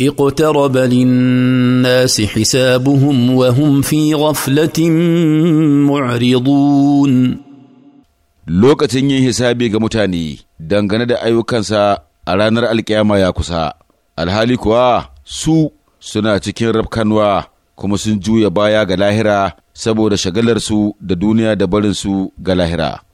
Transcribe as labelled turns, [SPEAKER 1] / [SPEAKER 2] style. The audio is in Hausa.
[SPEAKER 1] اقترب للناس حسابهم وهم في غفلة
[SPEAKER 2] معرضون lokacin yin hisabi ga mutane dangane da ayyukansa a ranar alkiyama ya kusa alhali kuwa su suna cikin rafkanwa kuma sun juya baya ga lahira saboda shagalarsu da duniya da barinsu ga lahira